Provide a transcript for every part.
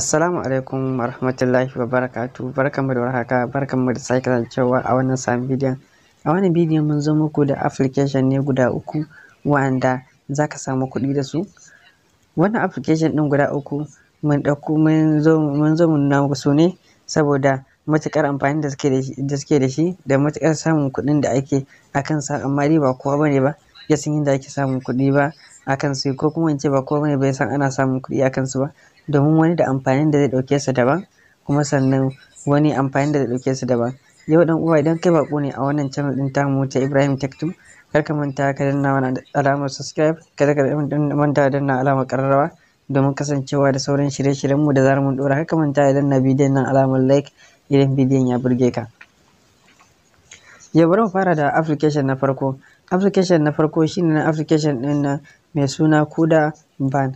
Assalamu alaikum warahmatullahi wabarakatuh barkanmu da warhaka barkanmu da sake cewa a wannan sabon bidiyon a wannan bidiyon mun zo muku da application ne guda uku wanda za ka samu kuɗi da su wannan application ɗin guda uku mun ɗauko mun zo mun nuna muku su ne saboda matuƙar amfani da suke da shi da matuƙar samun kuɗin da ake a kansa amma dai ba kowa bane ba ya san yadda ake samun kuɗi ba a kansu ko kuma in ce ba kowa bane ba ya san ana samun kuɗi a kansu ba domin wani da amfanin da zai ɗauke su daban kuma sannan wani amfanin da zai ɗauke su daban yau dan uwa idan kai bako ne a wannan channel din tamu ta Ibrahim Tektu kar ka manta ka danna mana alamar subscribe kada ka manta danna alamar ƙararrawa domin kasancewa da sauran shirye-shiryenmu da zarar mun dora ka manta ya danna bidiyon nan alamar like idan bidiyon ya burge ka ya mu fara da application na farko application na farko shine na application ɗin na mai suna kuda bank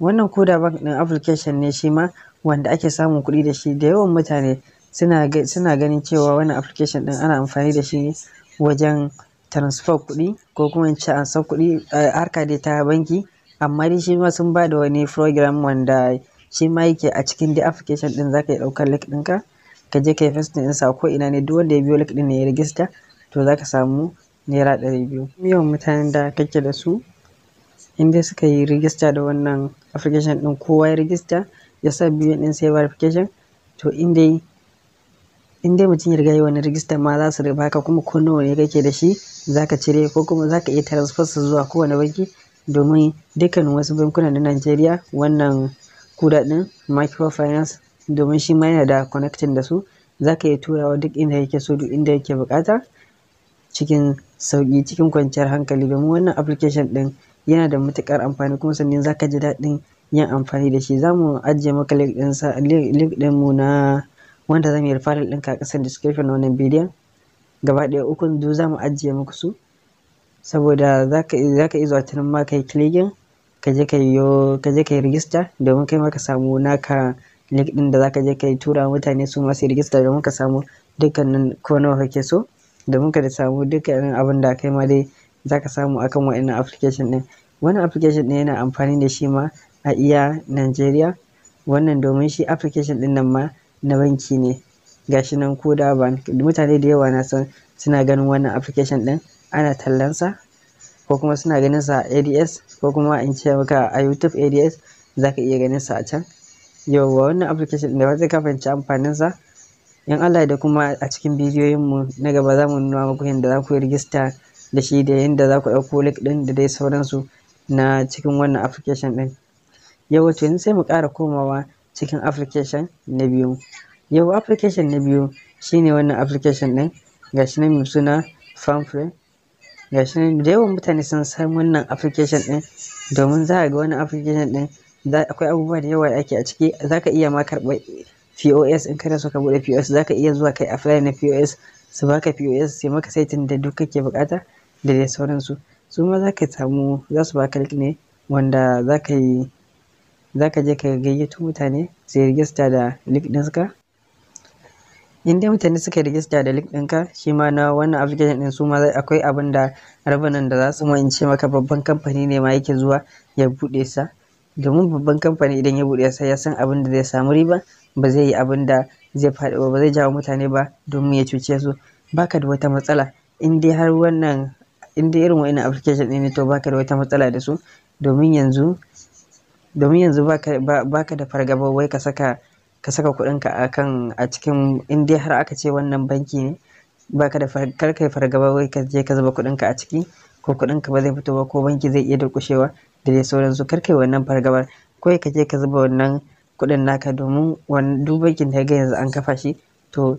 wannan kuda bank din application ne shi ma wanda ake samun kuɗi da shi da yawan mutane suna ganin cewa wannan application din ana amfani da shi wajen transfer kuɗi ko kuma in ce an san kuɗi eh, harka dai ta banki amma dai shi ma sun ba da wani program wanda shi ma yake a cikin da application ɗin zaka yi ɗaukar link ɗinka ka je kai festin ɗinsa ko ina ne duk wanda ya biyo link ɗin ne ya rijista to za ka samu naira ɗari biyu. Yawan mutanen da kake da su in dai suka yi rijista da wannan application ɗin kowa ya rijista ya sa biyu ɗin sai verification to in dai in dai mutum ya riga yi wani rijista ma za su baka kuma ko nawa ne kake da shi za ka cire ko kuma za ka iya transfer su zuwa kowane banki domin dukkan wasu bankunan na Najeriya wannan kudaden microfinance domin shi ma yana da connecting da su za ka iya turawa duk inda yake so duk inda yake bukata cikin sauki cikin kwanciyar hankali domin wannan application din yana da matukar amfani kuma sannan za ka ji daɗin yin amfani da shi za mu ajiye maka link sa link mu na wanda zan yi referral din a description wannan bidiyon gaba ɗaya uku duk za mu ajiye muku su saboda za ka iya zuwa tunan ma ka yi clicking ka je ka yi register domin kai ma ka samu naka link ɗin da zaka je kai tura mutane su masu register domin ka samu dukkanin ko nawa kake so domin ka samu dukkanin abin da kai ma dai zaka samu akan wa'annan application ɗin wannan application din yana amfani da shi ma a iya nigeria wannan domin shi application ɗin nan ma na banki ne gashi nan ko da mutane da yawa na san suna ganin wannan application ɗin ana tallansa ko kuma suna ganin sa a ADS ko kuma in ce maka a YouTube ADS zaka iya ganin sa a can yauwa wannan application da wata ka fahimci amfanin sa Yan Allah da kuma a cikin bidiyoyin mu na gaba za mu nuna muku yadda za ku yi rigista da shi da yadda za ku ɗauko link ɗin da dai sauransu na cikin wannan application ɗin yauwa to sai mu ƙara komawa cikin application na biyu yauwa application na biyu shine wannan application ɗin gashi nan suna farmframe gashi nan da yawan mutane sun san wannan application ɗin domin za a ga wannan application ɗin akwai abubuwa da yawa da ake a ciki zaka iya ma karɓar POS in kana so ka bude POS zaka iya zuwa kai apply na POS su baka POS sai maka saitin da duk kake bukata da dai sauransu su ma zaka samu za su baka link ne wanda zaka yi je ka gayyato mutane su rijista da link ɗinka in dai mutane suka rigista da link ɗinka shi ma na wannan application ɗin su ma akwai abin da rabanan da za su ma in ce maka babban kamfani ne ma yake zuwa ya buɗe sa domin babban kamfani idan ya buɗe sai ya san abin da zai samu riba ba zai yi abin da zai faɗi ba zai jawo mutane ba domin ya cuce su baka da wata matsala in dai har wannan in dai irin wa'annan application ɗin ne to baka da wata matsala da su domin yanzu domin yanzu baka baka da fargaba wai ka saka ka saka kuɗinka a kan a cikin in dai har aka ce wannan banki ne baka da kar fargaba wai ka je ka zuba kuɗinka a ciki ko kuɗinka ba zai fito ba ko banki zai iya durƙushewa da dai sauransu kar wannan fargabar kawai ka je ka zuba wannan kuɗin naka domin wani dubakin da ga yanzu an kafa shi to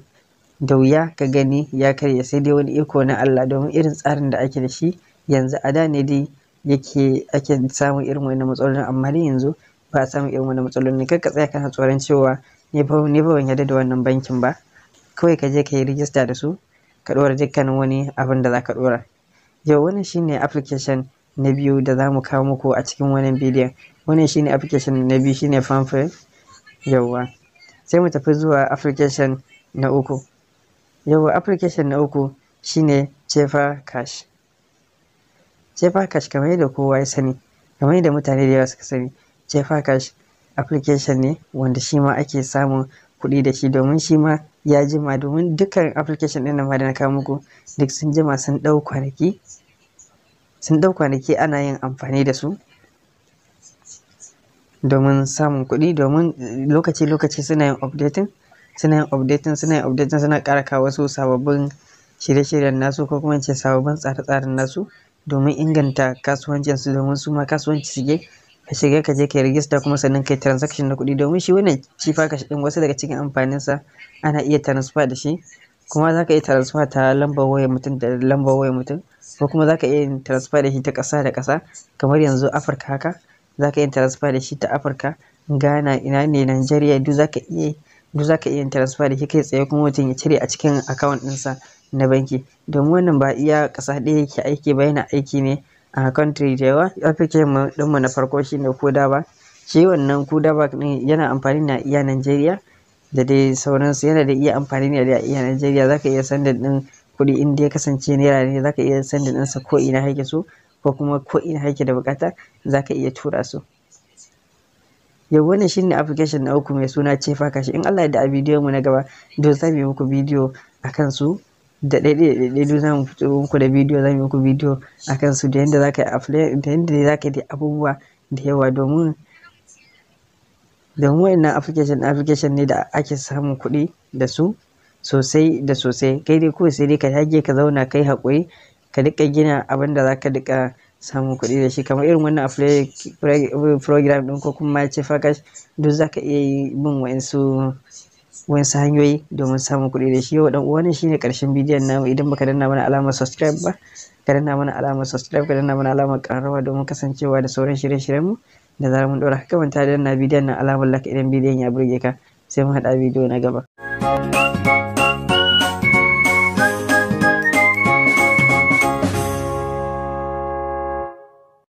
da wuya ka gani ya karya sai dai wani iko na Allah domin irin tsarin da ake da shi yanzu a da ne dai yake ake samun irin wannan matsalolin amma dai yanzu ba a samun irin wannan matsalolin kar ka tsaya kana tsoron cewa ne ba ne ba da wannan bankin ba kawai ka je ka yi rijista da su ka ɗora dukkanin wani abin da za ka ɗora yau wannan shine application na biyu da za mu kawo muku a cikin wannan bidiyon wannan shine application na biyu shine fanfare yawwa sai mu tafi zuwa application na uku yawwa application na uku shine cefa cash cefa cash kamar yadda kowa ya sani kamar yadda mutane da yawa suka sani cefa cash application ne wanda shi ma ake samun kuɗi da shi domin shi ma ya jima domin dukkan application ɗin nan ma da na kawo muku duk sun jima sun ɗau kwanaki sun ɗau kwanaki ana yin amfani da su domin samun kuɗi domin lokaci-lokaci suna yin updating suna yin updating suna yin updating suna ƙara kawo wasu sababbin shirye-shiryen nasu ko kuma ce sababbin tsare-tsaren nasu domin inganta kasuwancinsu domin su ma kasuwanci suke ka shiga ka je ka rijista kuma sannan ka yi transaction na kuɗi domin shi wannan shi fa kashi ɗin wasu daga cikin amfaninsa ana iya transfer da shi kuma za ka iya transfer ta lambar wayar mutum da lambar wayar mutum ko kuma za ka iya yin transfer da shi ta ƙasa da ƙasa kamar yanzu afirka haka za ka iya transfer da shi ta afirka ghana ina ne nigeria duk za ka iya duk za ka iya yin transfer da shi kai tsaye kuma mutum ya cire a cikin account ɗinsa na banki domin wannan ba iya ƙasa ɗaya yake aiki ba yana aiki ne a country da yawa application ɗinmu na farko shine koda ba shi wannan kuda ba yana amfani na iya nigeria da dai sauransu yana da iya amfani ne da iya nigeria za ka iya sanda ɗin. kuɗi in ya kasance naira ne zaka iya sandin ɗinsa ko ina haike so ko kuma ko ina haike da bukata zaka iya tura su yau wannan shine application na uku mai suna cefa kashi in Allah ya da a bidiyon mu na gaba don za mu muku bidiyo akan su da ɗaiɗai da za mu fito muku da bidiyo za mu muku bidiyo akan su da yadda zaka yi da yadda zaka yi abubuwa da yawa domin domin na application application ne da ake samun kuɗi da su sosai da sosai kai dai kawai sai dai ka dage ka zauna kai haƙuri ka duka gina abin da zaka duka samun kuɗi da shi kamar irin wannan a program ɗin ko kuma ce fakash duk zaka iya yi bin wa'insu wasu hanyoyi domin samun kuɗi da shi yau dan uwa ne shine karshen bidiyon namu idan baka danna mana alamar subscribe ba ka danna mana alamar subscribe ka danna mana alamar ƙararrawa domin kasancewa da sauran shirye-shiryen mu da zarar mun ɗora ka manta danna bidiyon nan alamar like idan bidiyon ya burge ka sai mu haɗa bidiyo na gaba